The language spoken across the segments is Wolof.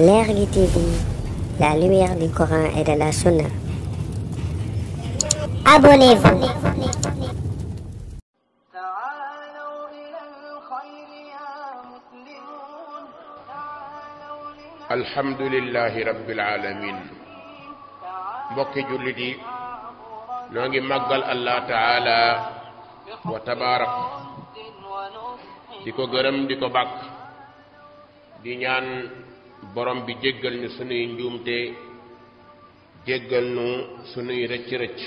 du TV, la lumière du Coran et de la Sunna. Abonnez-vous. Alhamdulillah, rabbil alamin mbokki jullit yi noo ngi magal allah taala wa tabarak. Diko ko diko borom bi jéggal ñu sunuy njuumte jéggal ñu sunuy rëcc rëcc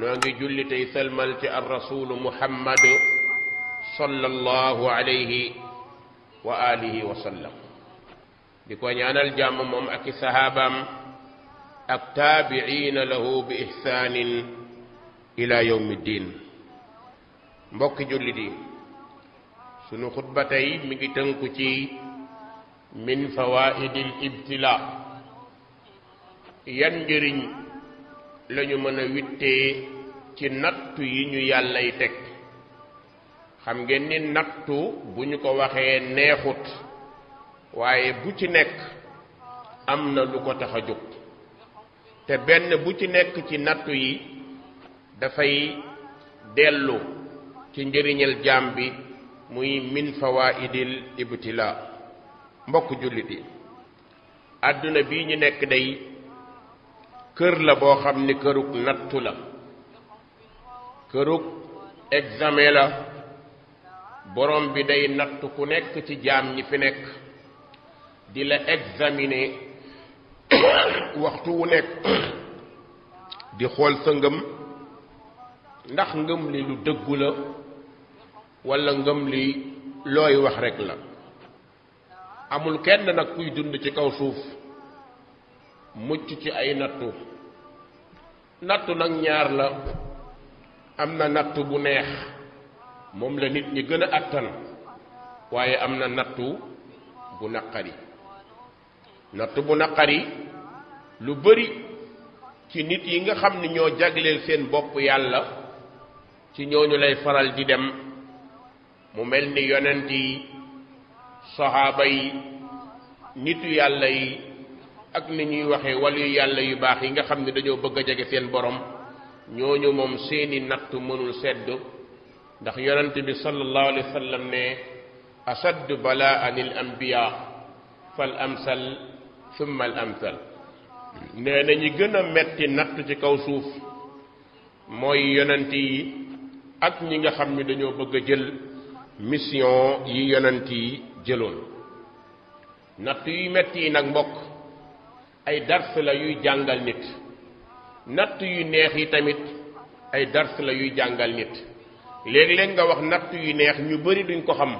noo ngi julli tey salmal ci ar rasulu muhammad sallallahu alayhi wa alihi wa sallam di ko ñaanal jàmm moom ak i sahabaam ak taabiina lahu bi ihsanin ila yawmi ddin mbokki julli di sunu xutba tey mi ngi tënku ci min fawaidil yan njëriñ lañu mën a wittee ci nattu yi ñu yàllay teg xam ngeen ni nattu bu ñu ko waxee neexut waaye bu ci nekk am na lu ko tax a jóg te benn bu ci nekk ci nattu yi dafay dellu ci njëriñal jaam bi muy min fawaidil ibtila mbokk jullit yi àdduna bii ñu nekk day kër la boo xam ni kërug nattu la kërug examen la borom bi day natt ku nekk ci jaam ñi fi nekk di la examiner waxtu wu nekk di xool sa ngëm ndax ngëm li lu dëggu la walla ngëm li looy wax rekk la amul kenn nag kuy dund ci kaw suuf mucc ci ay nattu nattu nag ñaar la am na nattu bu neex moom la nit ñi gën a àttan waaye am na nattu bu naqari nattu bu naqari lu bari ci nit yi nga xam ni ñoo jagleel seen bopp yàlla ci ñooñu lay faral di dem mu mel ni yonent yi saxaaba yi nitu yàlla yi ak ni ñuy waxee waliyu yàlla yu baax yi nga xam ne dañoo bëgg a jege seen borom ndax yonent bi sallallahu alayhi wa ne ashaddu balaan il ambiya fal amsal thumma al amsal nee na ñi gën a metti natt ci kaw suuf mooy yonent yi ak ñi nga xam dañoo bëgg jël mission yi yonent jëloon natt yuy metti yi nag mbokk ay dars la yuy jàngal nit natt yu neex yi tamit ay dars la yuy jàngal nit léeg-léeg nga wax natt yu neex ñu bari duñ ko xam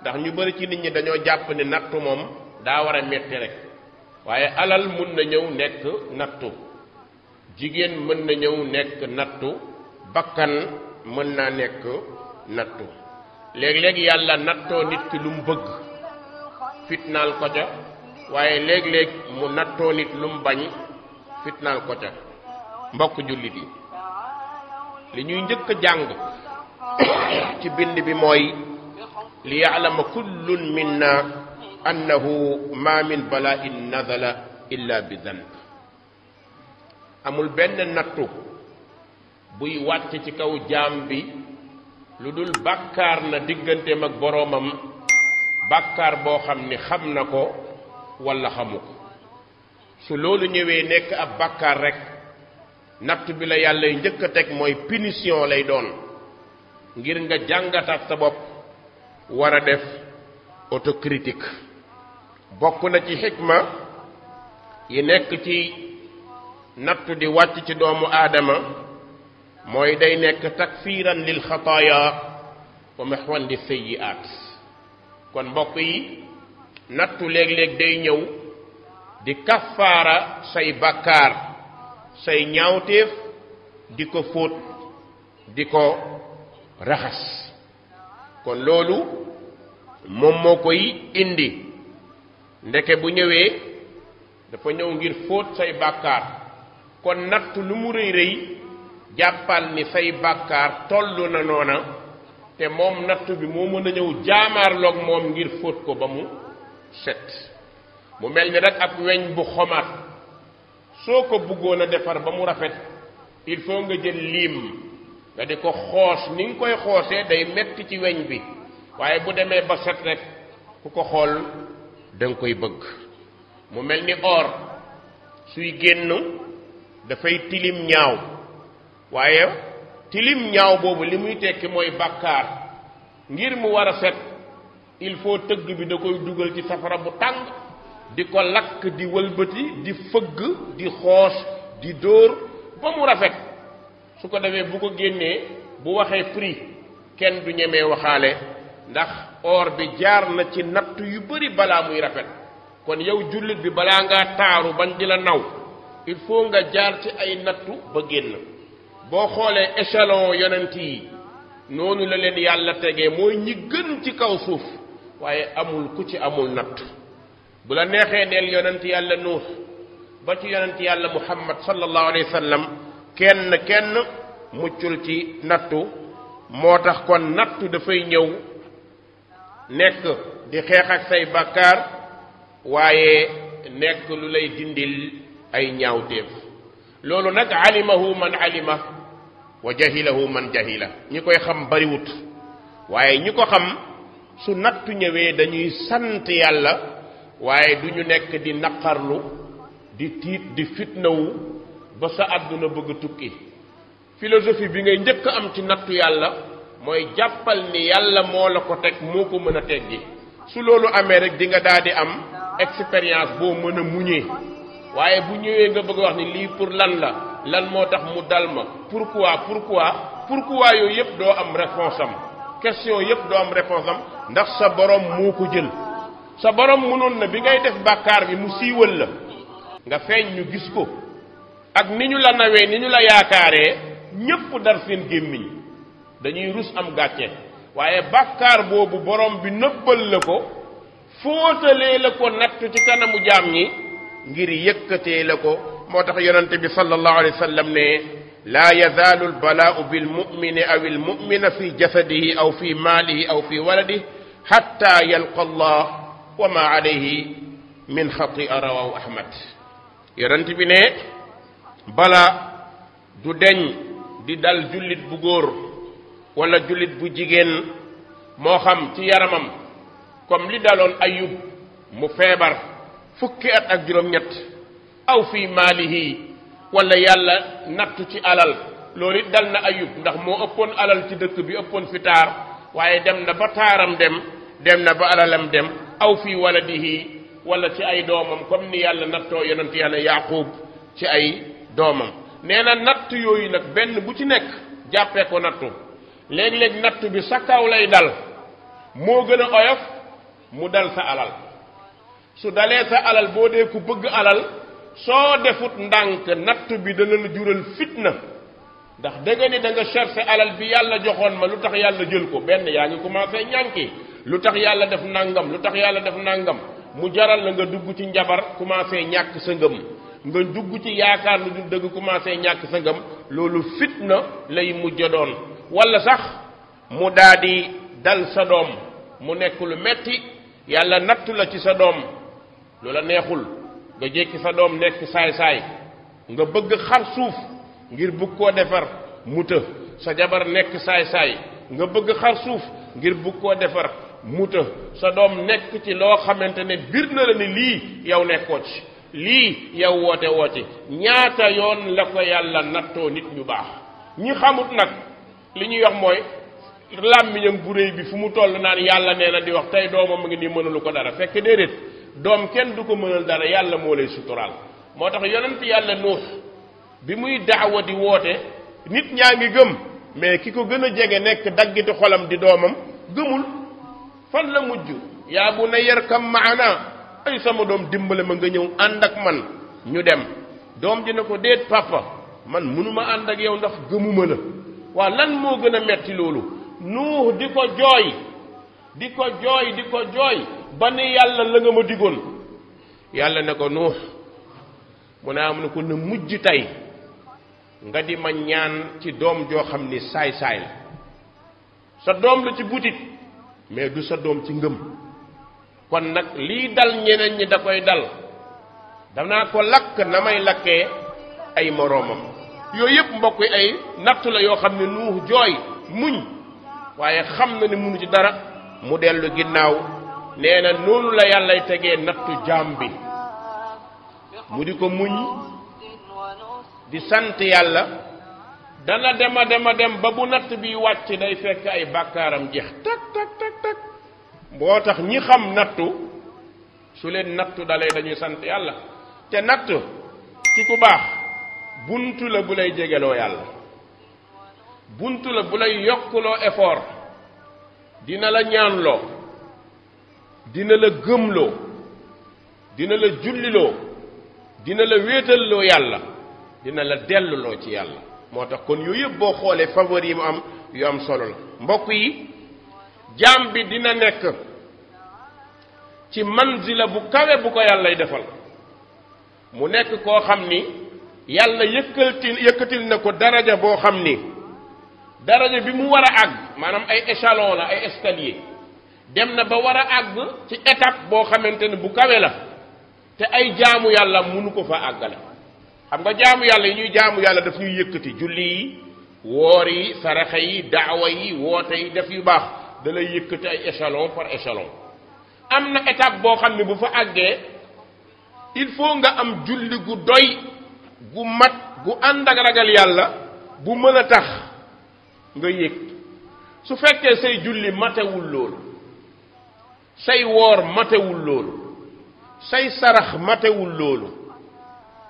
ndax ñu bari ci nit ñi dañoo jàpp ne nattu moom daa war a metti rekk waaye alal mën na ñëw nekk nattu jigéen mën na ñëw nekk nattu bakkan mën naa nekk nattu léeg-léeg yàlla nattoo nit ki lu bëgg fitnaal ko ca waaye léeg-léeg mu nattoo nit lu mu fitnaal ko mbokk jullit yi li ñuy njëkk jàng ci bind bi mooy li yaalama kullun minna annahu ma min bala'in nazala illa bi danb amul benn nattu buy wàcc ci kaw jaam bi lu dul bàkkaar na digganteem ak boroomam bàkkaar boo xam ne xam na ko walla xamu ko su loolu ñëwee nekk ab bàkkaar rek natt bi la yàlla njëkk a teg mooy punition lay doon ngir nga jàngataat sa bopp war a def autocritique bokk na ci xikma yi nekk ci natt di wàcc ci doomu aadama mooy day nekk takfiiran lil xataaya wa mexwan di sayyiaat kon mbokk yi nattu léeg-léeg day ñëw di kaffaara say bakkaar say ñaawteef di ko fóot di ko raxas kon loolu moom moo koy indi ndeke bu ñëwee dafa ñëw ngir fóot say bakkaar kon nattu lu mu rëy rëy jàppal ni say bakkaar tollu na noona te moom nattu bi moo mën a ñëw jaamaarloog moom ngir fóot ko ba mu set mu mel ni rek ak weñ bu xomaat soo ko bëggoon a defar ba mu rafet il faut nga jël liim nga di ko xoos ni nga koy xoosee day metti ci weñ bi waaye bu demee ba set rekk ku ko xool da koy bëgg mu mel ni or suy génn dafay tilim ñaaw waaye tilim ñaaw boobu li muy tekki mooy bàkkaar ngir mu war a set il faut tëgg bi da koy dugal ci safara bu tàng di ko lakk di wëlbati di fëgg di xoos di dóor ba mu rafet su ko defee bu ko génnee bu waxee prix kenn du ñemee waxaale ndax or bi jaar na ci natt yu bari balaa muy rafet kon yow jullit bi balaa ngaa taaru bañ di la naw il faut nga jaar ci ay nattu ba génn bo xolé échelon yonenti nonu la len yàlla tege moy ñi gën ci kaw suuf waye amul ku ci amul nat bu la nexé del yonenti yàlla nuux ba ci yonenti yàlla muhammad sallallahu alayhi wasallam kenn kenn muccul ci nattu motax kon kon da fay ñëw nek di xex ak say bàkkaar waye nek lu lay dindil ay ñaawteef loolu nag alimahu man alimah wa jahilahu man jahila ñi koy xam bariwut waaye ñi ko xam su nattu ñëwee dañuy sant yàlla waaye du ñu nekk di naqarlu di tiit di fitnawu ba sa àdduna bëgg tukki philosophie bi ngay njëkk am ci nattu yàlla mooy jàppal ni yàlla moo la ko teg moo ko mën a teggi su loolu amee rek di nga daal di am expérience boo mën a muñee waaye bu ñëwee nga bëgg wax ni lii pour lan la lan moo tax mu dal ma pourquoi pourquoi pourquoi yooyu yëpp doo am réponse am question yëpp doo am réponse am ndax sa borom moo ko jël sa borom mënoon na bi ngay def bàkkaar bi mu siiwal la nga feeñ ñu gis ko ak ni ñu la nawee ni ñu la yaakaaree ñëpp dar seen gémmiñ dañuy rus am gàcce waaye bàkkaar boobu borom bi nëbbal la ko fóotalee la ko nattu ci kanamu jaam ñi ngir yëkkatee la ko moo tax yonente bi sallallahu alayhi wa sallam ne لا يزال البلاء بالمؤمن أو المؤمن في جسده أو في ماله أو في ولده حتى يلقى الله وما عليه من خطيئة رواه أحمد يرنت بني بلا دودن دي دال جلد بغور ولا جلد بجيجين موخم تي يرمم كم لدالون أيوب مفابر فكي أتأجرم أو في ماله wala yàlla nattu ci alal loolu it dal na ayub ndax moo ëppoon alal ci dëkk bi ëppoon fi taar waaye dem na ba taaram dem dem na ba alalam dem aw fii waladihi wala ci ay doomam comme ni yàlla nattoo yonent yàlla yaqub ci ay doomam nee na natt yooyu nag benn bu ci nekk jàppee ko nattu léeg-léeg natt bi sa kaw lay dal moo gën a oyof mu dal sa alal su dalee sa alal boo dee ku bëgg alal soo defut ndànk natt bi dana la jural fitna ndax dëgg nga ni da nga chercher alal bi yàlla joxoon ma lu tax yàlla jël ko benn yaa ngi commencé ñànki lu tax yàlla def nangam lu tax yàlla def nangam mu jaral la nga dugg ci njabar commencé ñàkk sa ngëm nga dugg ci yaakaar lu dul dëgg commencé ñàkk sa ngëm loolu fitna lay mujj doon wala sax mu daa di dal sa doom mu nekk lu metti yàlla natt la ci sa doom loola neexul nga jekki sa doom nekk saay-saay nga bëgg xar suuf ngir bugg koo defar mu sa jabar nekk saay-saay nga bëgg xar suuf ngir bugg koo defar mu sa doom nekk ci loo xamante ne biir na la ni lii yow nekkoo ci lii yow woote woo ci ñaata yoon la ko yàlla nattoo nit ñu baax ñi xamut nag li ñuy wax mooy làmmiñam bu réy bi fu mu toll naan yàlla nee na di wax tey doomam mu ngi nii mënulu ko dara fekk déedéet doom kenn du ko mënal dara yàlla moo lay suturaal moo tax yonent yàlla nuux bi muy daawa di woote nit ñaa ngi gëm mais ki ko gën a jege nekk dagg daggiti xolam di doomam gëmul fan la mujj yaa bu na yarkam maana ay sama doom dimbale ma nga ñëw ànd ak man ñu dem doom ji ne ko déet papa man mënuma ànd ak yow ndax gëmuma la waa lan moo gën a metti loolu nuux di ko jooy di ko jooy di ko jooy ba ni yàlla la nga ma digoon yàlla ne ko nuux mu ne am na ko na mujj tey nga di ma ñaan ci doom joo xam ni saay-saay la sa doom la ci butit mais du sa doom ci ngëm kon nag lii dal ñeneen ñi da koy dal danaa ko lakk na may lakkee ay moroomam yooyu yëpp mbokk yi ay natt la yoo xam ne nuux jooy muñ waaye xam na ne munu ci dara mu dellu ginnaaw nee na noonu la yàllay tegee nattu jaam bi mu di ko muñ di sant yàlla dana dem a dem ba bu natt bi wàcc day fekk ay bàkkaaram jeex tak tak tak tak boo tax ñi xam nattu su leen nattu dalee dañuy sant yàlla te natt ci ku baax buntu la bu lay jegeloo yàlla buntu la bu lay yokkuloo effort dina la ñaanloo dina la gëmloo dina la julliloo dina la wéetalloo yàlla dina la delluloo ci yàlla moo tax kon ñu yëpp boo xoolee faveur yi mu am yu am solo la mbokk yi jaam bi dina nekk ci manzila bu kawe bu ko yàllay defal mu nekk koo xam ni yàlla yëkkaltil yëkkatil na ko daraja boo xam ni daraja bi mu war a àgg maanaam ay échelon la ay escalier dem na ba war a àgg ci étape boo xamante ne bu kawe la te ay jaamu yàlla munu ko fa àggale xam nga jaamu yàlla yi ñuy jaamu yàlla daf ñuy yëkkati julli yi woor yi saraxa yi daawa yi woote yi def yu baax da lay yëkkati ay échelon par échelon am na étape boo xam ne bu fa àggee il faut nga am julli gu doy gu mat gu ànd ak ragal yàlla bu mën a tax nga yëg su fekkee say julli matewul loolu say woor matewul loolu say sarax matewul loolu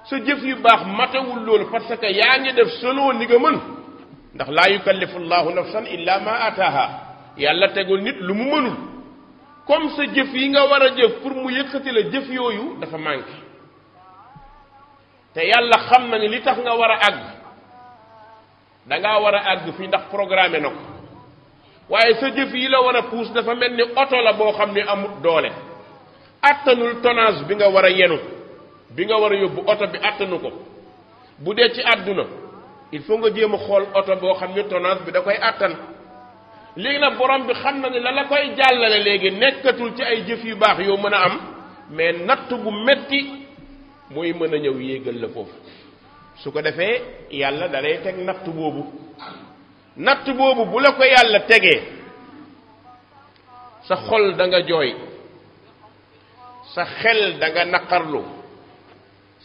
sa jëf yu baax matewul loolu parce que yaa ngi def selon ni nga mën ndax laa yukallifu llahu nafsan illa ma ataaha yàlla tegul nit lu mu mënul comme sa jëf yi nga war a jëf pour mu yëkkati la jëf yooyu dafa manqué te yàlla xam na ni li tax nga war a àgg da ngaa war a àgg fii ndax programme na ko waaye sa jëf yi la war a puus dafa mel ni oto la boo xam ne amut doole attanul tonnage bi nga war a yenu bi nga war a yóbbu oto bi àttanu ko bu dee ci àdduna il faut nga jéem a xool oto boo xam ne tonnage bi da koy attan léegi nag borom bi xam na ne la la koy jàllale léegi nekkatul ci ay jëf yu baax yoo mën a am mais natt bu metti mooy mën a ñëw yéegal la foofu su ko defee yàlla da lay teg natt boobu natt boobu bu la ko yàlla tegee sa xol da nga jooy sa xel da nga naqarlu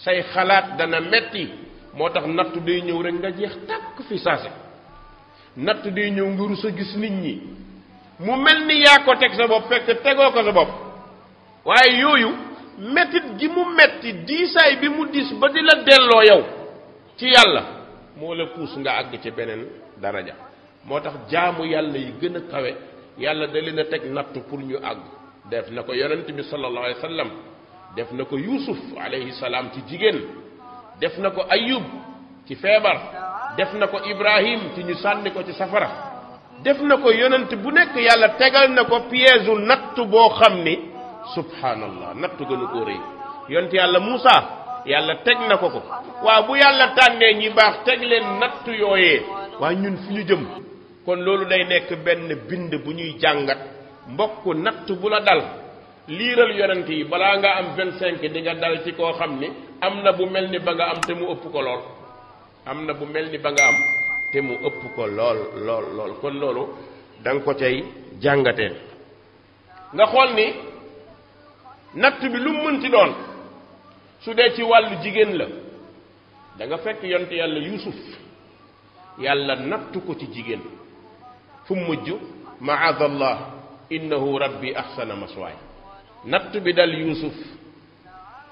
say xalaat dana metti moo tax natt day ñëw rek nga jeex tàkk fi saase natt day ñëw nga sa gis nit ñi mu mel ni ko teg sa bopp fekk tegoo ko sa bopp waaye yooyu mettit gi mu metti diisaay bi mu dis ba di la yow ci yàlla moo la puus nga àgg ci beneen daraja moo tax jaamu yàlla yi gën a kawe yàlla da leen a teg nattu pour ñu àgg def na ko yonent bi sallallahu alayhi wa def na ko yuusuf alayhi ci jigéen def na ko ayub ci feebar def na ko ibrahim ci ñu sànni ko ci safara def na ko yonent bu nekk yàlla tegal na ko piège nattu boo xam ni subhaanallah nattu gënu koo rëy yonent yàlla muusa yàlla teg na ko ko waaw bu yàlla tànnee ñi baax teg leen nattu yooyee waa ñun fi ñu jëm kon loolu day nekk benn bind bu ñuy jàngat mbokk natt bu la dal liiral yonent yi balaa nga am vingt di nga dal ci koo xam ni am na bu mel ni ba nga am te mu ëpp ko lool am na bu mel ni ba am mu ëpp lool lool kon loolu da ko cay jàngatee nga xool ni natt bi lu mu mënti doon su dee ci wàllu jigéen la danga fekk yont yàlla yusuf yàlla nattu ko ci jigéen fu mujj maadallah innahu rabbi ahsana maswaay natt bi dal yusuf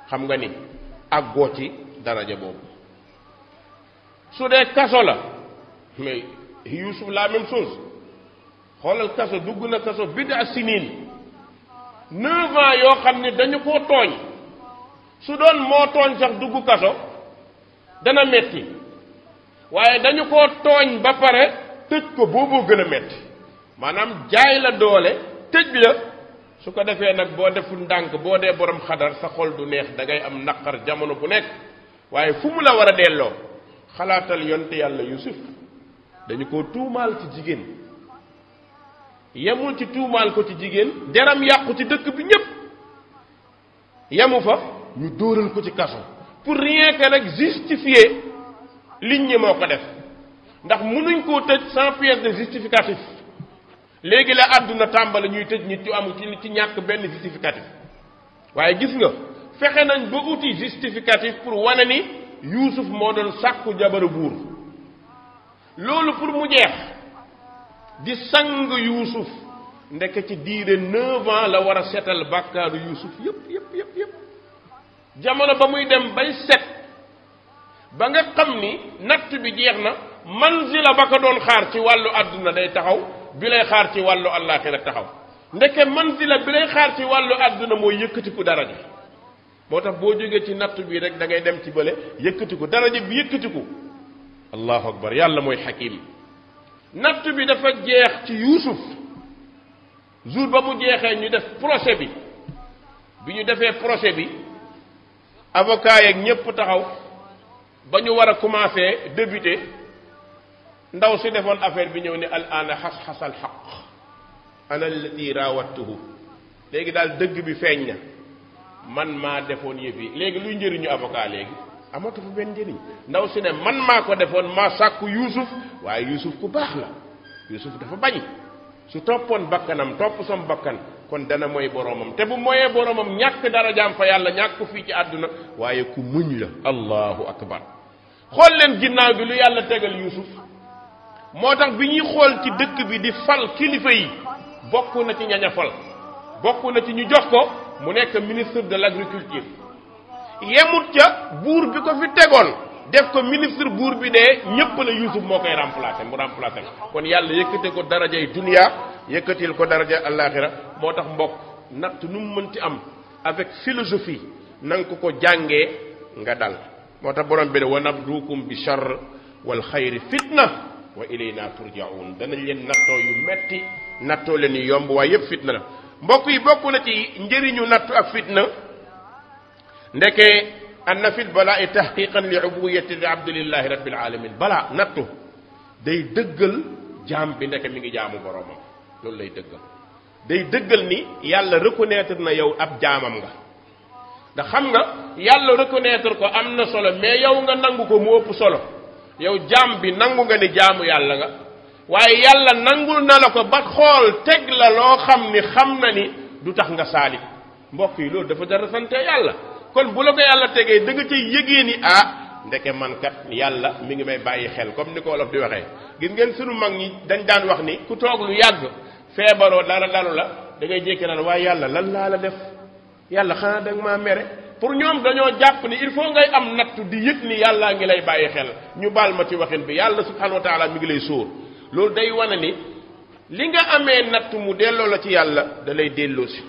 xam nga ni àggoo ci daraja boobu su dee kaso la mais yusuf la même chose xoolal kaso dugg na kaso bida sinin neuf ans yoo xam ne dañu koo tooñ su doon moo tooñ sax dugg kaso dana metti waaye dañu ko tooñ ba pare tëj ko booboo gën a metti maanaam jaay la doole tëj la su ko defee nag boo deful ndànk boo dee borom xadar sa xol du neex da ngay am naqar jamono bu nekk waaye fu mu la war a delloo xalaatal yonte yàlla yusuf dañu ko tuumaal ci jigéen yemul ci tuumaal ko ci jigéen deram yàqu ci dëkk bi ñépp yemu fa ñu dóoral ko ci kaso pour rien que rek justifier liñ ñi moo ko def ndax munuñ koo tëj sans pièce de justificatif léegi la àdduna tàmbali ñuy tëj nit ñu amul ci ci ñàkk benn justificatif waaye gis nga fexe nañ ba outil justificatif pour wane ni Yuusuf moo doon sàkku jabaru buur loolu pour mu jeex di sang Yuusuf ndek ci diire 9 ans la war a seetal bàkkaaru Yuusuf yépp yépp yépp yëpp jamono ba muy dem bay set ba nga xam ni natt bi jeex na manzila ba ko doon xaar ci wàllu àdduna day taxaw bi lay xaar ci wàllu àllaaxira taxaw ndeke manzila bi lay xaar ci wàllu àdduna mooy yëkkatiku dara ji moo tax boo jógee ci natt bi rek da ngay dem ci bële yëkkatiku dara ji bi yëkkatiku allahu akbar yàlla mooy xakim natt bi dafa jeex ci yuusuf jour ba mu jeexee ñu def procès bi bi ñu defee procès bi avocat yeeg ñépp taxaw ba ñu war a commencer débuter ndaw si defoon affaire bi ñëw ni al ana xas-xasal xaq ana allati raawattuhu léegi daal dëgg bi feeñ na man maa defoon yëf léegi luy njëriñu avocat léegi amatu fa benn njëriñ ndaw si ne man maa ko defoon maa sàkku yuusuf waaye yuusuf ku baax la yuusuf dafa bañ su toppoon bakkanam topp sam bakkan kon dana mooy boromam te bu moyee boromam ñàkk darajaam fa yàlla ñàkk ko fii ci àdduna waaye ku muñ la allahu akbar xool leen ginnaaw bi lu yàlla tegal yusuf moo tax bi ñuy xool ci dëkk bi di fal kilifa yi bokk na ci ñaña fal bokk na ci ñu jox ko mu nekk ministre de l'agriculture yemut ca buur bi ko fi tegoon def ko ministre buur bi dee ñépp na yusuf moo koy remplacé mu remplacé kon yàlla yëkkate ko darajay duniya yëkkatil ko darajay àllaaxira moo tax mbokk natt nu mu mënti am avec philosophie na nga ko ko jàngee nga dal moo tax borom bi ne wa nabduukum bi char wal xayri fitna wa ilayna turjaun danañ leen nattoo yu metti nattoo leen yu yomb waaye yépp fitna la mbokk yi bokk na ci njëriñu nattu ak fitna ndeke أن في البلاء تحقيقا لعبودية العبد لله رب العالمين بلا نتو داي دغل جام بي نك ميغي جامو برومام لول لاي دغل day dëggal ni yàlla reconnaître na yow ab jaamam nga ndax xam nga yàlla reconnaître ko am na solo mais yow nga nangu ko mu ëpp solo yow jaam bi nangu nga ni jaamu yàlla nga waaye yàlla nangul na la ko ba xool teg la loo xam ni xam na ni du tax nga saali mbokk yi loolu dafa dara sante yàlla kon bu la ko yàlla tegee da nga cay ni ah ndeke man kat yàlla mi ngi may bàyyi xel comme ni ko wolof di waxee gis ngeen sunu mag ñi dañ daan wax ni ku toog lu yàgg feebaroo dara dalu la dangay ngay jékki naan waaye yàlla lan laa la def yàlla xanaa da nga maa mere pour ñoom dañoo jàpp ni il faut ngay am nattu di yëg ni yàllaa ngi lay bàyyi xel ñu baal ma ci waxin bi yàlla subhanahu wa taala ngi lay sóor loolu day wane ni li nga amee nattu mu delloo la ci yàlla dalay lay delloo si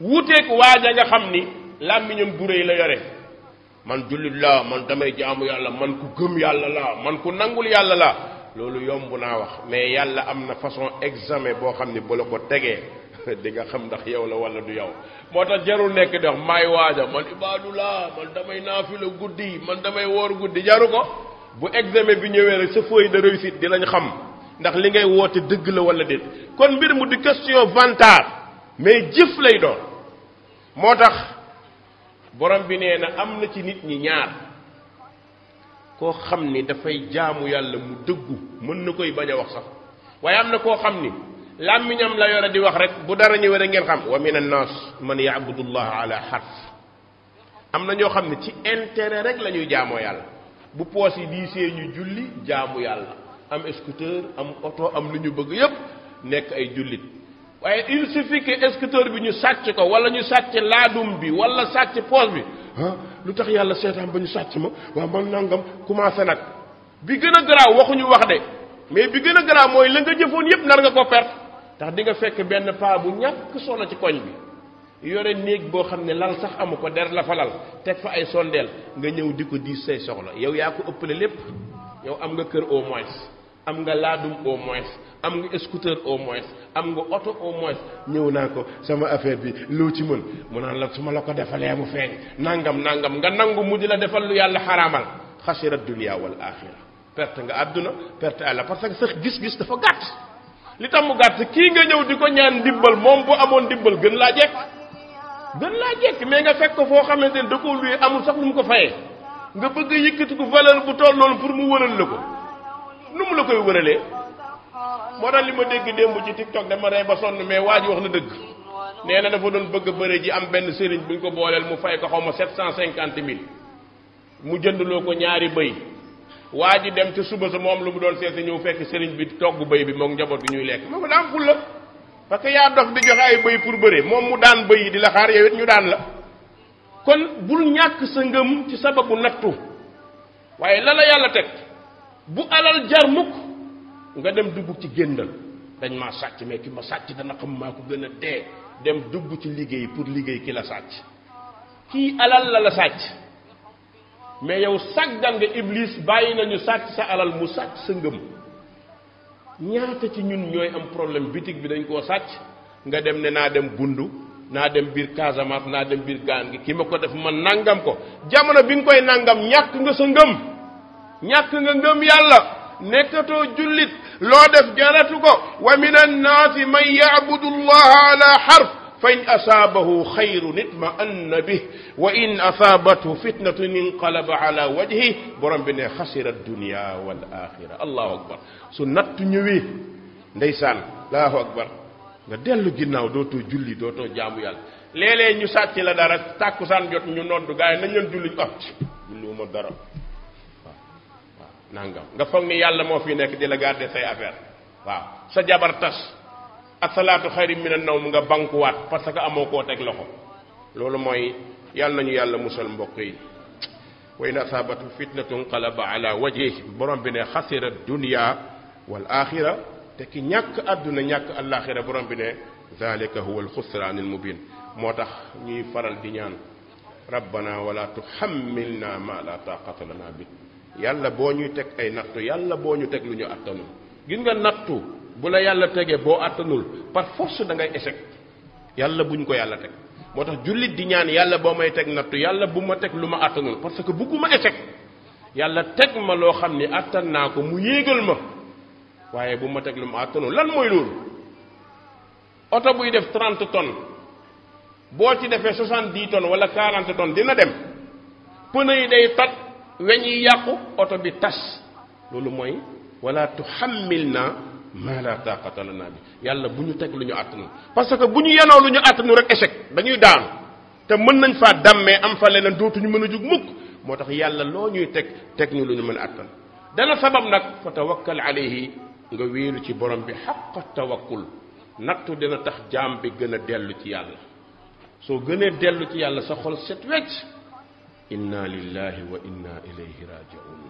wuuteeg waaja nga xam ni làmmiñam bu réy la yore man jullit la man damay jaamu yàlla man ku gëm yàlla laa man ku nangul yàlla laa loolu yomb na wax mais yalla amna façon examen bo xamni bo lako la ko di nga xam ndax yow la wala du yow motax tax jarul nekk di wax maay waaja man ibadullah man damay naafila guddi man damay wor guddi jaruko bu examen bi ñëwee rek sa feuille de réussite di lañ xam ndax li ngay woote deug la wala déet kon mbir mu di question vantage mais jëf lay doon motax borom bi nee amna ci nit ñi ñaar koo xam ni dafay jaamu yàlla mu dëggu mën na koy bañ a wax sax waaye am na koo xam ni làmmiñam la yore di wax rek bu dara ñëwee rek ngeen xam wa min annaas man yaabudullaha ala xarf am na ñoo xam ne ci intérêt rek lañuy ñuy jaamoo yàlla bu poos yi diisee ñu julli jaamu yàlla am scooter am oto am lu ñu bëgg yëpp nekk ay jullit waaye il suffit que bi ñu sàcc ko wala ñu sàcc laadum bi wala sàcc poos bi ah, lu tax yàlla seetaan ba ñu sàcc ma waaw man nangam commencé nag bi gën a garaaw waxuñu wax de mais bi gën a garaaw mooy la nga jëfoon yépp nar nga ko perte ndax dinga fekk benn paa bu ñàkk solo ci koñ bi yore néeg boo xam ne lal sax amu ko der la fa lal teg fa ay sondeel nga ñëw di ko diis say soxla yow yaa ko ëppale lépp yow am nga kër au moins am nga laadum au moins am nga scooter au moins am nga oto au moins ñëw naa ko sama affaire bi loo ci mën mu naan la su ma la ko defalee mu feeñ nangam nangam nga nangu mu di la defal lu yàlla xaraamal xasira dunia wal axira perte nga àdduna perte àlla parce que sax gis-gis dafa gàtt li tam mu gàtt kii nga ñëw di ko ñaan dimbal moom bu amoon dimbal gën laa jekk gën laa jekk mais nga fekk ko foo xamante ne da koo luye amul sax lu mu ko fayee nga bëgg a yëkkati ko valeur bu toll noonu pour mu wëral la ko nu la koy wëralee moo tax li ma dégg démb ci tiktok dama rey ba sonn mais waa ji wax na dëgg nee na dafa doon bëgg a bëre ji am benn sëriñ bu ñu ko booleel mu fay ko xaw ma sept cent cinquante mille mu jëndloo ko ñaari bëy waa ji dem te suba sa moom lu mu doon seeti ñëw fekk sëriñ bi togg bëy bi moom njaboot gi ñuy lekk moo ko daa ful la parce que yaa dof di joxe ay bëy pour bëre moom mu daan bëy yi di la xaar yow it ñu daan la kon bul ñàkk sa ngëm ci sababu nattu waaye la la yàlla teg bu alal jar nga dem dugg ci géndal dañ maa sàcc mais ki ma sàcc dana xam maa ko gën a dee dem dugg ci liggéey pour liggéey ki la sàcc kii alal la la sàcc mais yow sàggan nga iblis bàyyi nañu sàcc sa alal mu sàcc sa ngëm ñaata ci ñun ñooy am problème bitig bi dañ koo sàcc nga dem ne naa dem bundu naa dem biir Casamance naa dem biir gaan gi ki ma ko def ma nangam ko jamono bi nga koy nangam ñàkk nga sa ngëm ñàkk nga ngëm yàlla nekkatoo jullit loo def jaratu ko wa min annaasi man yacbudu allaha ala xarf fa in asaabahu xayrun itma'anna bih wa in asaabathu fitnatun inqalaba ala wajhi borom bi ne xasira dunia wal axira allahu akbar su nattu ñëwee ndeysaan allahu akbar nga dellu ginnaaw dootoo julli dootoo jaamu yàlla léeg-léeg ñu sàcc la dara tàkkusaan jot ñu nodd gaay nañ leen julli ah julliwuma dara nangam nga foog yàlla mo fi nek di la garder say affaire waaw sa jabar tas ak salatu xayri min an nawm nga banku wat parce que amoko tek loxo loolu moy yàlla nañu yàlla musal mbokk yi wa in asabatu fitnatun qalaba ala wajhi borom bi ne xasira dunya wal akhirah te ki ñak aduna ñak al akhirah borom bi ne zalika huwa al khusran al mubin motax ñuy faral di ñaan ربنا ولا تحملنا ما لا طاقه لنا به yàlla boo ñuy teg ay nattu yàlla boo ñu teg lu ñu àttanul gis nga nattu bu la yàlla tegee boo àttanul par force da ngay échec yàlla buñ ko yàlla teg moo tax jullit di ñaan yàlla boo may teg nattu yàlla bu ma teg lu ma àttanul parce que bugguma échec yàlla teg ma loo xam ni àttan naa ko mu yéegal ma waaye bu ma teg lu ma àttanul lan mooy loolu oto buy def 30 tonnes boo ci defee 70 tonnes wala 40 tonnes dina dem pneu yi day toj weñ yi yàqu oto bi tas loolu mooy wala tuhammil naa maa laa taaqata lanaa bi yàlla bu ñu teg lu ñu àttanu parce que bu ñu yenoo lu ñu àttanu rek échec dañuy daanu te mën nañ faa dàmmee am fa leneen dootuñu mën a jug mukk moo tax yàlla loo ñuy teg teg ñu lu ñu mën a àttan dana sabab nag fa tawakkal alayhi nga wéeru ci borom bi xaqa tawakkul nattu dina tax jaam bi gën a dellu ci yàlla soo gënee dellu ci yàlla sa xol set wecc inna lillahi wa inna ilayhi rajiun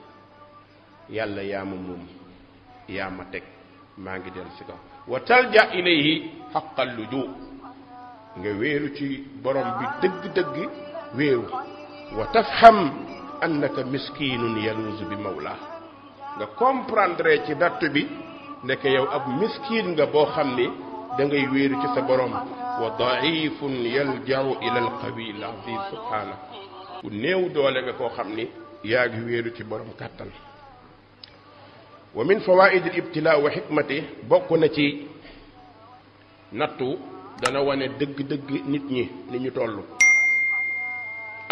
yàlla yaa ma moom yaa ma teg maa ngi dellu si ko wa talja ilayhi xaqal luju nga wéeru ci borom bi dëgg-dëgg wéeru wa tafham annaka miskinun yaluusu bi mawla nga comprendre ci dattu bi nekk yow ab miskin nga boo xam ni dangay ngay wéeru ci sa borom wa daifun yaljau ila alqawi al aziz subhaanahu ku néew doole nga koo xam ni yaa ngi wéeru ci boroom kàttan wa min fawaidil ibtilaa wa xikmati bokk na ci nattu dana wane dëgg-dëgg nit ñi ni ñu toll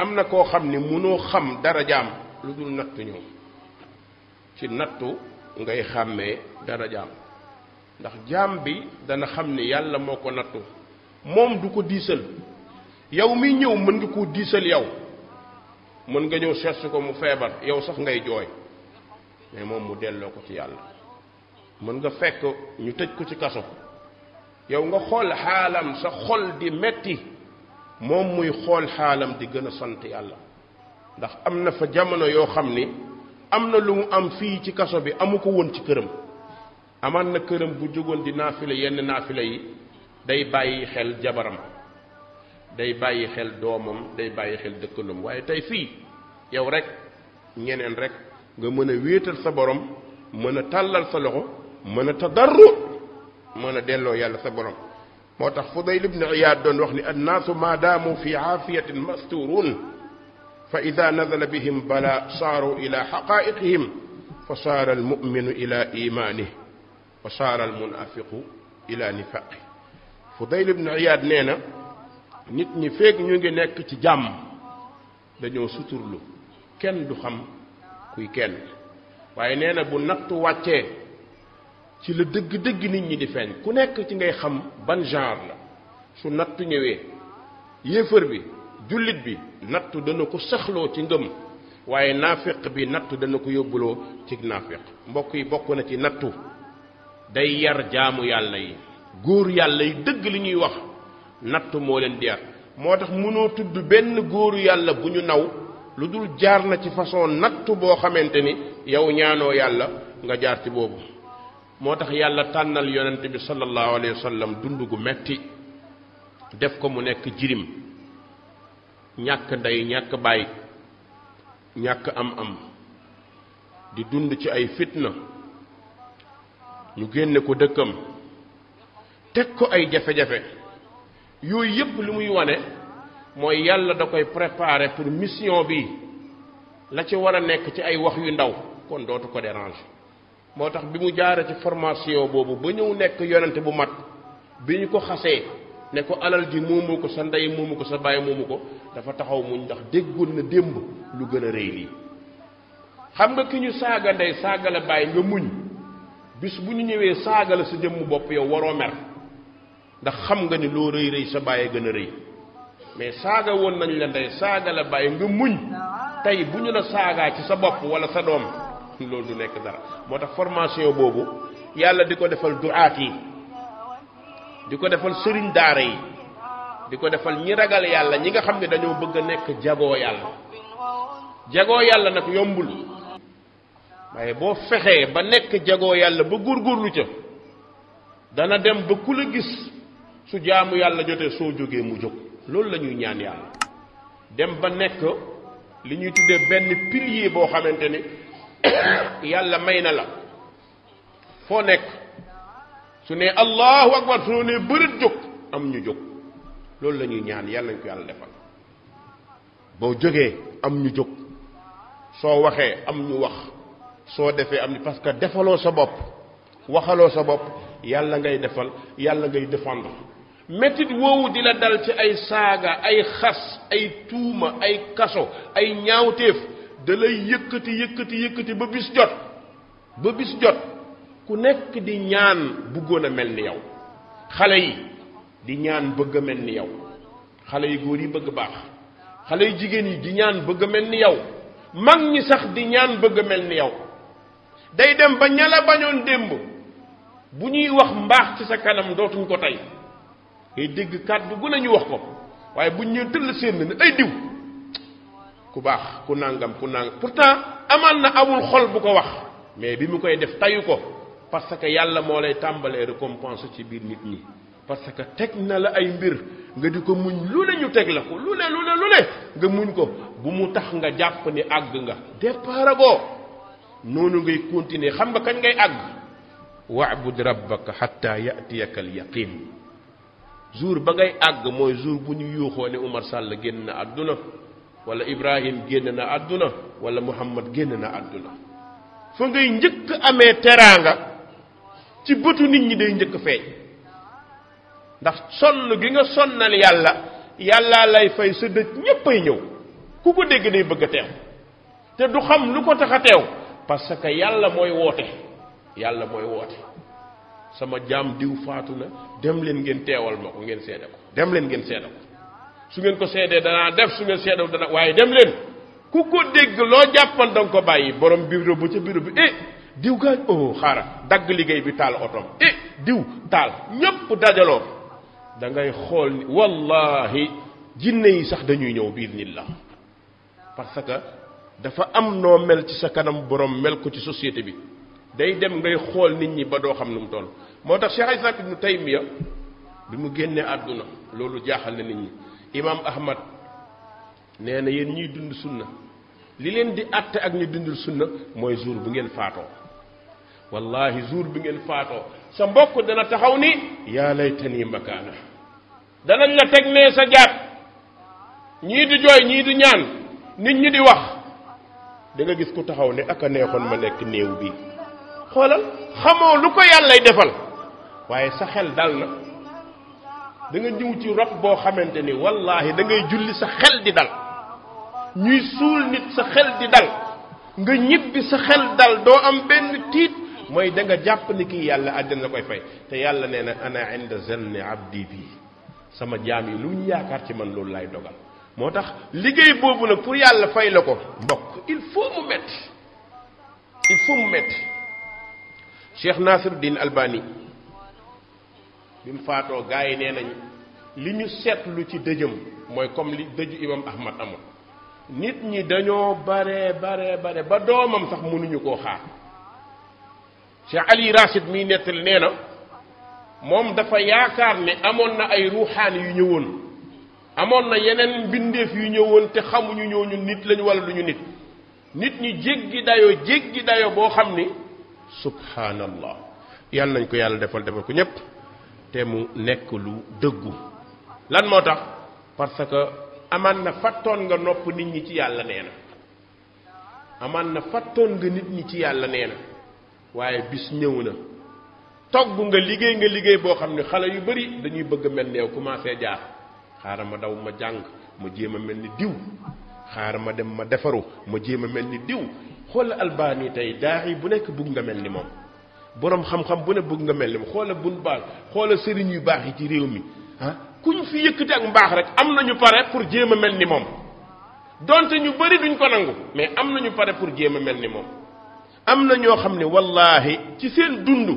am na koo xam ni mënoo xam darajaam lu dul nattu ñëw ci nattu ngay xàmmee darajaam ndax jaam bi dana xam ni yàlla moo ko nattu moom du ko diisal yow mi ñëw mën nga koo diisal yow mën nga ñëw seetsi ko mu feebar yow sax ngay jooy mais moom mu delloo ko ci yàlla mën nga fekk ñu tëj ko ci kaso yow nga xool xaalam sa xol di metti moom muy xool xaalam di gën a sant yàlla ndax am na fa jamono yoo xam ni am na lu mu am fii ci kaso bi amu ko woon ci këram amaan na këram bu jógoon di naafile yenn naafile yi day bàyyi xel jabaram day bàyyi xel doomam day bàyyi xel dëkkandoom waaye tey fii yow rek ñeneen rek nga mën a wéetal sa borom mën a tàllal sa loxo mën a tadarru mën a delloo yàlla sa borom moo tax Fudayl ibn Iyaad doon wax ni annaasu maadaamu fi aafiyatin masturuun fa ida nazala bihim bala saaru ila xaqaa'iqihim fa saara almuminu ila imaanihi wa saara almunaafiqu ila nifaaqi Fudayl ibn Iyaad nee na nit ñi feeg ñu ngi nekk ci jàmm dañoo suturlu kenn du xam kuy kenn waaye nee na bu nattu wàccee ci la dëgg-dëgg nit ñi di feeñ ku nekk ci ngay xam ban genre la su nattu ñëwee yéefar bi jullit bi nattu dana ko saxloo ci ngëm waaye naafiq bi nattu dana ko yóbbuloo ci naafiq mbokk yi bokk na ci nattu day yar jaamu yàlla yi góor yàlla yi dëgg li ñuy wax natt moo leen di yar moo tax mënoo tudd benn góoru yàlla bu ñu naw lu dul jaar na ci façon natt boo xamante ni yow ñaanoo yàlla nga jaar ci boobu moo tax yàlla tànnal yonent bi sallallahu alayhi wa dund gu metti def ko mu nekk jirim ñàkk ndey ñàkk bàyyi ñàkk am am di dund ci ay fitna ñu génne ko dëkkam teg ko ay jafe-jafe yooyu yëpp li muy wane mooy yàlla da koy préparer pour mission bi la ci war a nekk ci ay wax yu ndaw kon dootu ko déranger moo tax bi mu jaaree ci formation boobu ba ñëw nekk yonente bu mat bi ñu ko xasee ne ko alal ji moomu ko sa ndey moomu ko sa baay moomu ko dafa taxaw muñ ndax déggoon na démb lu gën a rëy lii xam nga ki ñu saaga ndey saaga bàyyi nga muñ bis bu ñu ñëwee saaga la sa jëmm bopp yow waroo mer ndax xam nga ni loo rëy rëy sa bàyyi gën a rëy mais saaga woon nañ la ndey saaga la bàyyi nga muñ tey bu ñu la saagaa ci sa bopp wala sa doom loolu du nekk dara moo tax formation boobu yàlla di ko defal duaat yi di ko defal sëriñ daara yi di ko defal ñi ragal yàlla ñi nga xam ne dañoo bëgg a nekk jagoo yàlla jagoo yàlla nag yombul waaye boo fexee ba nekk jagoo yàlla ba góorgóorlu ca dana dem ba ku la gis su jaamu yàlla jotee soo jógee mu jóg loolu la ñuy ñaan yàlla dem ba nekk li ñuy tuddee benn pilier boo xamante ni yàlla may na la foo nekk su ne allahu akbar soo ne bërit jóg am ñu jóg loolu la ñuy ñaan yàlla nañ ko yàlla defal boo jógee am ñu jóg soo waxee am ñu wax soo defee am ni parce que defaloo sa bopp waxaloo sa bopp yàlla ngay defal yàlla ngay défendre metit woowu di la dal ci ay saaga ay xas ay tuuma ay kaso ay ñaawteef da lay yëkkati yëkkati yëkkati ba bis jot ba bis jot ku nekk di ñaan bëggoon a mel ni yow xale yi di ñaan bëgg mel ni yow xale yu góor yi bëgg baax xale yu jigéen yi di ñaan bëgg mel ni yow mag ñi sax di ñaan bëgg a mel ni yow day dem ba ñala bañoon démb bu ñuy wax mbaax ci sa kanam dootuñ ko tey ngay dégg kàddu gu nañu wax ko waaye buñ ñëw tëll seen na ne ay diw ku baax ku nangam ku nangam pourtant amaan na amul xol bu ko wax mais bi mu koy def tayu ko parce que yàlla moo lay tàmbalee récompense ci biir nit ñi parce que teg na la ay mbir nga di ko muñ lu ne ñu teg la ko lu ne lu ne lu ne nga muñ ko bu mu tax nga jàpp ni àgg nga déparagoo noonu ngay continuer xam nga kañ ngay àgg bu wa'bud rabbaka hatta ya'tiyaka al yaqin jour ba ngay àgg mooy jour bu ñu yuuxoo ne Umar Sall génn na àdduna wala Ibrahim génn na àdduna wala Muhammad génn na àdduna fa ngay njëkk amee teraanga ci bëtu nit ñi day njëkk feeñ ndax sonn gi nga sonnal yàlla yàllaa lay fay sa dëj ñéppay ñëw ku ko dégg day bëgg a teew te du xam lu ko tax a teew parce que yàlla mooy woote yàlla mooy woote sama jaam diw faatu na dem leen ngeen teewal ma ko ngeen seede ko dem leen ngeen seede ko su ngeen ko seedee danaa def su ngeen seedew dana waaye dem leen ku ko dégg loo jàppan da ko bàyyi borom bureau bu ca bureau bi eh diw gaañ oh xaaral dagg liggéey bi taal otom eh diw taal ñépp dajaloo da ngay xool ni wallahi jinne yi sax dañuy ñëw biir nit la parce que dafa am noo mel ci sa kanam borom mel ko ci société bi day dem ngay xool nit ñi ba doo xam nu mu toll moo tax Cheikh Isaac ibnu Taymiya bi mu génnee àdduna loolu jaaxal na nit ñi imaam Ahmad nee na yéen ñuy dund sunna li leen di àtte ak ñu dundul sunna mooy jour bu ngeen faatoo wallahi jour bi ngeen faatoo sa mbokk dana taxaw ni yaa laytani makaana danañ la teg nee sa jaat ñii di jooy ñii di ñaan nit ñi di wax da gis ku taxaw ne aka neexoon ma nekk néew bi xoolal xamoo lu ko yàllay defal waaye sa xel dal na da nga ñëw ci rob boo xamante ni wallaahi da ngay julli sa xel di dal ñuy suul nit sa xel di dal nga ñibbi sa xel dal doo am benn tiit mooy da nga jàpp ni kii yàlla àddina la koy fay te yàlla nee na ana inda zanni abdi bi sama jaam yi lu ñu yaakaar ci man loolu lay dogal moo tax liggéey boobu nag pour yàlla fay la ko mbokk il faut mu metti il faut mu metti Cheikh Nasiruddin Albani bi mu faatoo gars nee nañ li ñu seetlu ci dëjëm mooy comme li dëju imam Ahmad amoon nit ñi dañoo bare bare ba doomam sax mënuñu koo xaar Cheikh Ali Rachid miy nettali nee na moom dafa yaakaar ne amoon na ay ruuxaan yu ñëwoon amoon na yeneen mbindeef yu ñëwoon te xamuñu ñooñu nit lañu walla duñu nit nit ñi jéggi dayo jéggi dayo boo xam ni subhanallah yàlla nañ ko yàlla defal defal ko ñépp te mu nekk lu dëggu lan moo tax parce que amaan na fàttoon nga nopp nit ñi ci yàlla nee na amaan na fàttoon nga ñi ci yàlla nee na waaye bis ñëw na togg nga liggéey nga liggéey boo xam ne xale yu bari dañuy bëgg mel ni yow jaar xaaral ma daw ma jàng ma jéem a mel ni diw xaaral ma dem ma defaru ma jéem a mel ni diw xoola albaani tey daaxi bu nekk bëgg nga mel ni moom boroom xam-xam bu ne bugg nga mel ni moom xoola bun baal xoola sëriñ yu baax yi ci réew mi ah ku ñu fi yëkkati ak rek am nañu pare pour jéem a mel ni moom donte ñu bëri duñ ko nangu mais am nañu pare pour jéem a mel ni moom am na ñoo xam ne wallaahi ci seen dund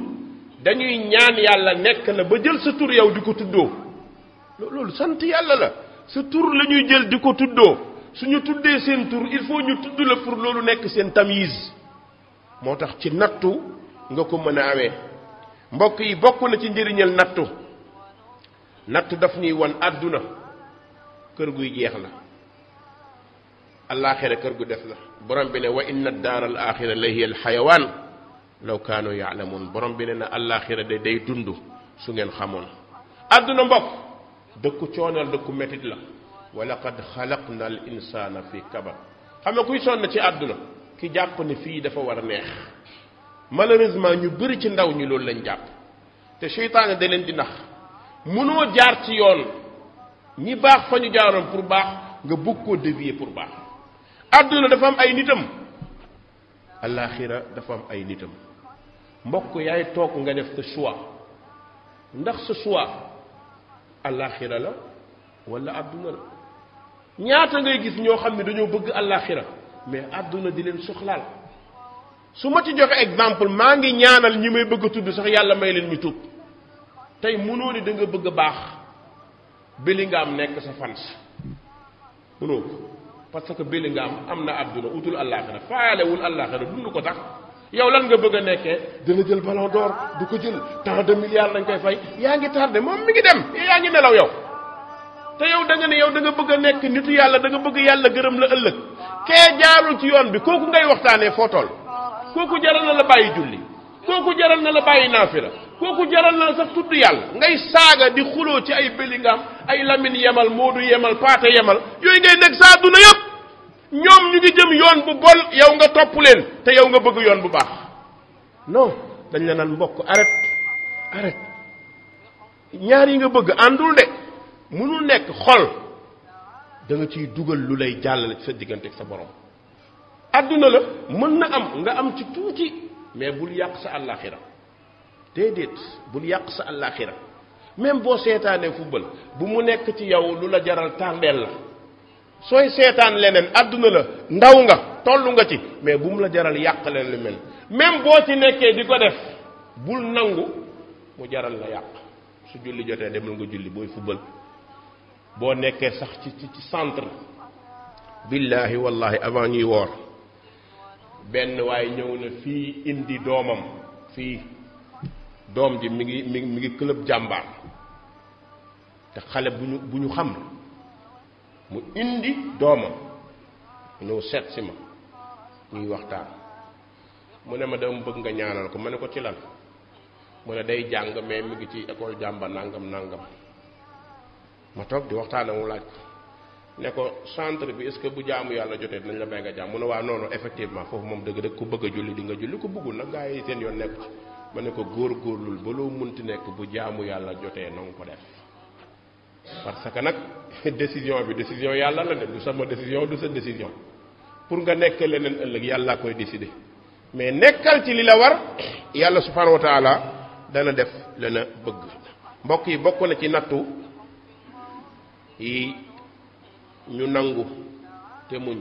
dañuy ñaan yàlla nekk na ba jël sa tur yow di ko tuddoo loolu sant yàlla la sa tur la ñuy jël di ko tuddoo su ñu tuddee seen tur il faut ñu tudd la pour loolu nekk seen tamise moo tax ci nattu nga ko mën a amee mbokk yi bokk na ci njëriñal nattu nattu daf ñuy wan àdduna kër guy jeex la alaaxira kër gu def la borom bi ne wa inna daaral al axira la hiya al xayawaan law kaanu yaalamuun borom bi ne na alaaxira de day dund su ngeen xamoon àdduna mbokk dëkku coonal dëkku metit la ولقد خلقنا الانسان في كبد خما كوي سون سي ادنا كي جاب ني في دا فا ورا نيه مالوريزمان ني بري سي نداو ني لول لا نجاب تي شيطان دا لين دي نخ منو جار سي يون ني باخ فا ني جارون بور باخ nga bëgg koo dévier pour baax àdduna dafa am ay nitam alaxira dafa am ay nitam mbokk yaay toog nga def sa choix ndax sa choix alaxira la wala àdduna la ñaata ngay gis ñoo xam ne dañoo bëgg àllaaxira mais àdduna di leen soxlaal su ma ci joxe exemple maa ngi ñaanal ñi may bëgg a tudd sax yàlla may leen ñu tuub tey mënoo ni da nga bëgg baax a nga am nekk sa fans mënoo ko parce que nga am na àdduna utul àllaaxira faalewul àllaaxira dund ko tax yow lan nga bëgg a nekkee dana jël ballon d'or du ko jël tant de milliards lañ koy fay yaa ngi tardé moom mi ngi dem yaa ngi nelaw yow te yow da nga ne yow da nga bëgg a nekk nitu yàlla danga bëgg yàlla gërëm la ëllëg kee jaarul ci yoon bi kooku ngay waxtaanee foo toll kooku jaral na la bàyyi julli kooku jaral na la bàyyi naafila kooku jaral na la sax tudd yàlla ngay saaga di xuloo ci ay bëlingaam ay lamin yemal moodu yemal paate yemal yooyu ngay nekk sa àdduna yëpp ñoom ñu ngi jëm yoon bu bol yow nga topp leen te yow nga bëgg yoon bu baax non dañ la naan mbokk arrête arrête ñaar yi nga bëgg àndul de mënul nekk xol da nga ciy dugal lu lay jàllale ci sa diggante ak sa borom adduna la mën na am nga am ci tuuti mais bul yàq sa àllaaxira déedéet bul yàq sa àllaaxira même boo seetaanee football bu mu nekk ci yow lu la jaral tàmbeel la sooy seetaan leneen adduna la ndaw nga toll nga ci mais bu mu la jaral yàq leen mel même boo ci nekkee di ko def bul nangu mu jaral la yàq su julli jotee demal nga julli booy fubal boo nekkee sax ci ci centre billaahi wallahi avant ñuy woor benn waaye ñëw na fii indi doomam fii doom ji mi ngi mi mi ngi club jàmbaar te xale bu ñu xam mu indi doomam ñëw seetsi ma ñuy waxtaan mu ne ma dama bëgg nga ñaanal ko ma ne ko ci lan mu ne day jàng mais mi ngi ci école jàmba nangam nangam ma toog di waxtaan mu laaj ko ne ko centre bi est-ce que bu jaamu yàlla jotee dinañ la may nga jaam mu ne waa noonu effectivement foofu moom dëgg-dëgg ku bëgg a julli di nga julli ku bëggul nag gaa yi seen yoon nekku ci ma ne ko góor góorgóorlul ba loo munti nekk bu jaamu yàlla jotee na nga ko def parce que nag décision bi décision yàlla la de du sama décision du sa décision pour nga nekk leneen ëllëg yàlla koy décider mais nekkal ci li la war yàlla subhanahu wa taala dana def lana bëgg mbokk yi yi ñu nangu te muñ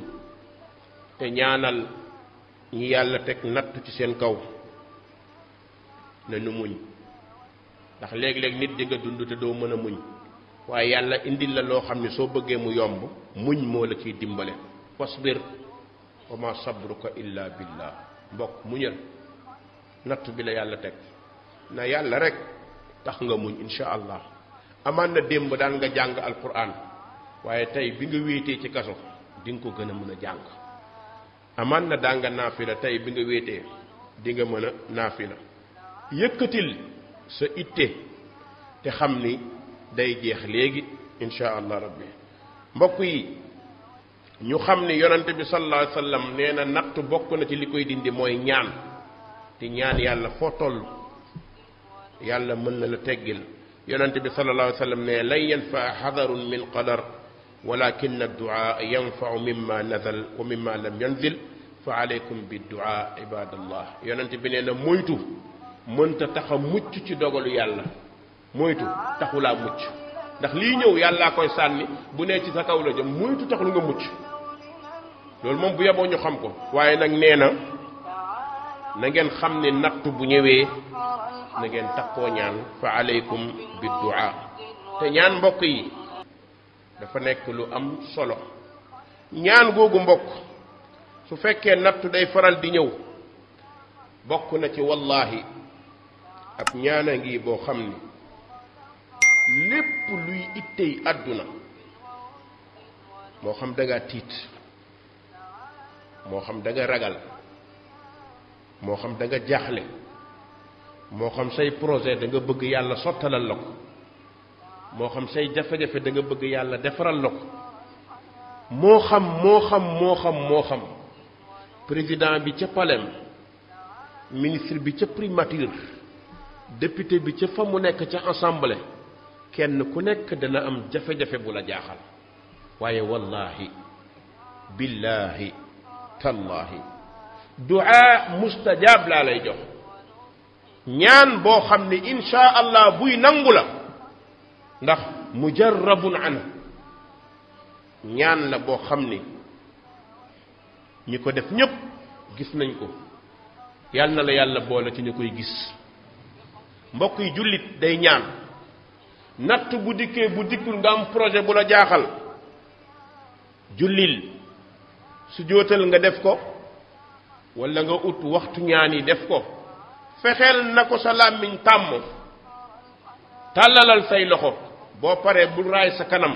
te ñaanal ñi yàlla teg natt ci seen kaw ne nu muñ ndax léeg-léeg nit dinga dund te doo mën a muñ waaye yàlla indil la loo xam ne soo bëggee mu yomb muñ moo la ciy dimbale wasbir wa ma sabruka illa billah mbokk muñal natt bi la yàlla teg na yàlla rek tax nga muñ insha allah amaan na démb daan nga jàng alquran waaye tey bi nga wéetee ci kaso di nga ko gën a mën a jàng amaan na daan nga naafila tey bi nga wéetee dinga nga mën a naafila yëkkatil sa ite te xam ni day jeex léegi insha allah rabbi mbokk yi ñu xam ni yonante bi sallallahu alayhi wasallam nee na natt bokk na ci li koy dindi mooy ñaan te ñaan yàlla foo toll yàlla mën na la teggil يونت بي صلى الله عليه وسلم ني لن ينفع حذر من قدر ولكن الدعاء ينفع مما نزل ومما لم ينزل فعليكم بالدعاء عباد الله يونت بي نينا مونتو مونتا تاخا موتي سي دوغلو يالا مويتو تاخو لا موتي داخ لي نيو يالا كوي ساني بو ني سي سا كاولو جام مويتو تاخلو nga موتي لول موم بو يابو ني خامكو واي نك نينا na xam ne natt bu ñëwee nangeen ngeen takkoo ñaan fa aleykum bi du'a te ñaan mbokk yi dafa nekk lu am solo ñaan googu mbokk su fekkee natt day faral di ñëw bokk na ci wallaahi ab ñaan a ngi boo xam ni lépp luy ittey àdduna moo xam da nga tiit moo xam da ragal moo xam danga nga jaaxle moo xam say projet da nga bëgg yàlla sottalal la ko moo xam say jafe-jafe da bëgg yàlla defaral la ko moo xam moo xam moo xam moo xam président bi ca palem ministre bi ca primature député bi ca fa mu nekk ca assemblée kenn ku nekk dana am jafe-jafe bu la jaaxal waaye wallaahi billaahi tallaahi du'a mustajab laa lay jox ñaan boo xam ne insha allah buy nangu la ndax mujarrabun an ñaan la boo xam ni ñu ko def ñépp gis nañ ko yàlla na la yàlla boole ci ñu koy gis mbokk yi jullit day ñaan natt bu dikkee bu dikkul nga am projet bu la jaaxal jullil su jootal nga def ko wala nga ut waxtu ñaan yi def ko fexel nako ko sa làmmiñ tàmm tàllalal say loxo boo paree bul raay sa kanam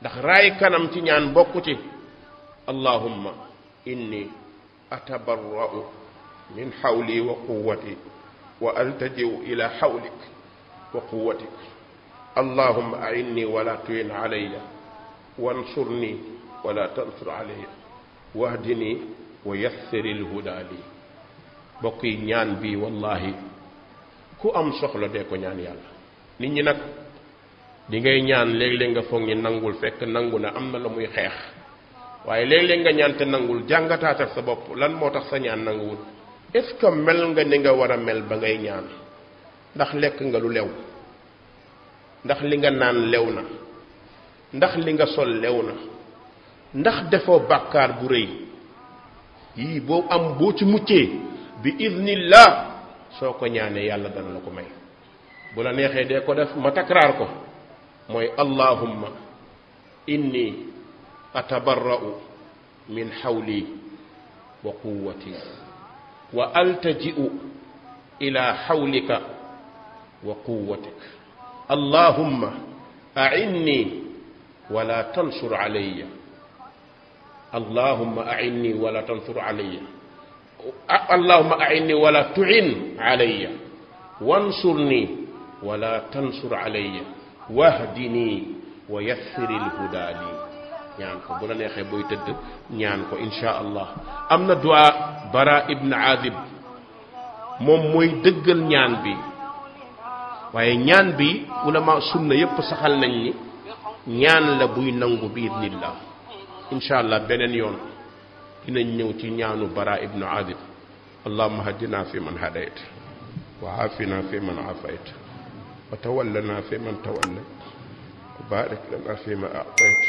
ndax raay kanam ci ñaan bokku ci allahumma inni atabarra'u min hawli wa quwwati wa altaji'u ila hawlik wa quwwatik allahumma a'inni wa la tu'in alayya wansurni wa la tansur alayya wahdini wa yassiril huda li bokk yi ñaan bii wallahi ku am soxla dee ko ñaan yàlla nit ñi nag di ngay ñaan léeg-léeg nga foog ñi nangul fekk nangu na am na la muy xeex waaye léeg-léeg nga ñaan te nangul jàngataatal sa bopp lan moo tax sa ñaan nanguwul est mel nga ni nga war a mel ba ngay ñaan ndax lekk nga lu lew ndax li nga naan lew na ndax li nga sol lew na ndax defoo bàkkaar bu rëy yii boo am boo ci muccee bi idnillah soo ko ñaanee yàlla dana la ko may bu la neexee dee ko def ma takraar ko mooy allahumma inni atabarra'u min hawli wa quwwati wa altaji'u ila hawlika wa quwwatik allahumma a'inni ولا تنصر عليّ اللهم أعني ولا تنصر علي اللهم أعني ولا تعن علي وانصرني ولا تنصر علي واهدني ويسر الهدى لي نيان كو بولا نيهي بوي تد نيان كو ان شاء الله امنا دعاء براء ابن عازب موم موي دغال نيان بي waye ñaan bi ulama sunna yépp saxal nañ ni ñaan la buy nangu biir nillah ان شاء الله بنن يون دينا نيو تي نيانو برا ابن عاذب اللهم هدنا في من هديت وعافنا في من عافيت وتولنا في من توليت وبارك لنا فيما اعطيت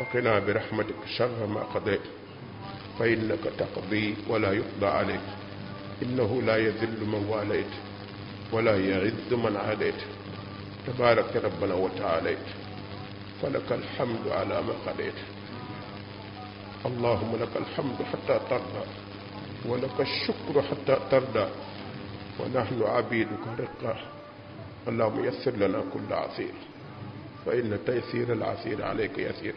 وقنا برحمتك شر ما قضيت فانك تقضي ولا يقضى عليك انه لا يذل من واليت ولا يعز من عاديت تبارك ربنا وتعاليت فلك الحمد على ما قضيت اللهم لك الحمد حتى ترضى ولك الشكر حتى ترضى ونحن عبيدك رقة اللهم يسر لنا كل عسير فإن تيسير العسير عليك يسير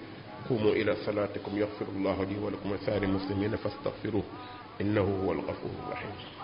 قوموا إلى صلاتكم يغفر الله لي ولكم وسائر المسلمين فاستغفروه إنه هو الغفور الرحيم